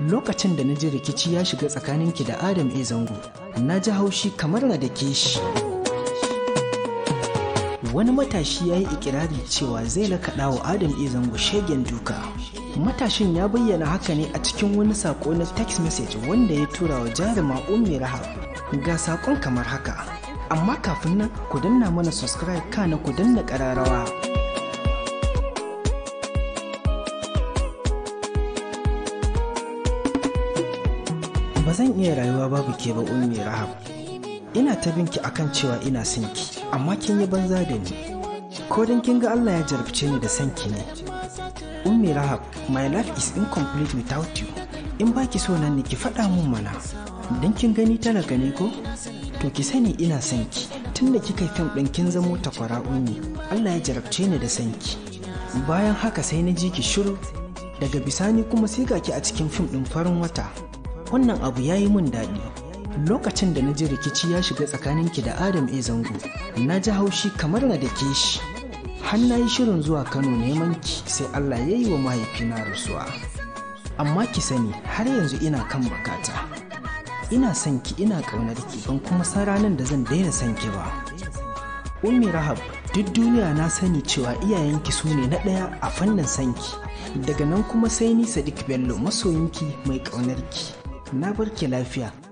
lokacin da na ji rikici ya shiga tsakanin ki da adam e zango na ji haushi kamar na da ke shi wani matashi ya yi ikirarin cewa zai lakaɗa wa adam e zango shegen duka matashin ya bayyana haka ne a cikin wani saƙo na text message wanda ya tura wa jaruma ummi rahab ga sakon kamar haka amma kafin nan ku danna mana subscribe kana ku danna ƙararrawa ba zan iya rayuwa babu ke ba ummi rahab ina ta binki akan cewa ina sanki, amma kin yi banza da ni ko dan kin ga Allah ya jarabce ni da sanki ne ummi rahab my life is incomplete without you in baki so nan ne ki faɗa mun mana dan kin gani tana gani ko to ki sani ina sanki. tun tunda kika yi fim ɗin kin zamo takwara ummi Allah ya jarabce ni da sanki. bayan haka sai na ji ki shiru daga bisani kuma sai ga ki a cikin fim ɗin farin wata wannan abu ya yi min daɗi lokacin da na ji rikici ya shiga tsakanin ki da adam e zango na ji haushi kamar na da ke shi har na yi shirin zuwa kano neman ki sai allah ya yi wa mahaifina rasuwa amma ki sani har yanzu ina kan bukata ina son ki ina ƙaunar ki ban kuma san ranar da zan daina son ki ba ummi rahab duk duniya na sani cewa iyayenki su ne na ɗaya a fannin sanki daga nan kuma sai ni sadiq bello masoyinki mai ki. na barke lafiya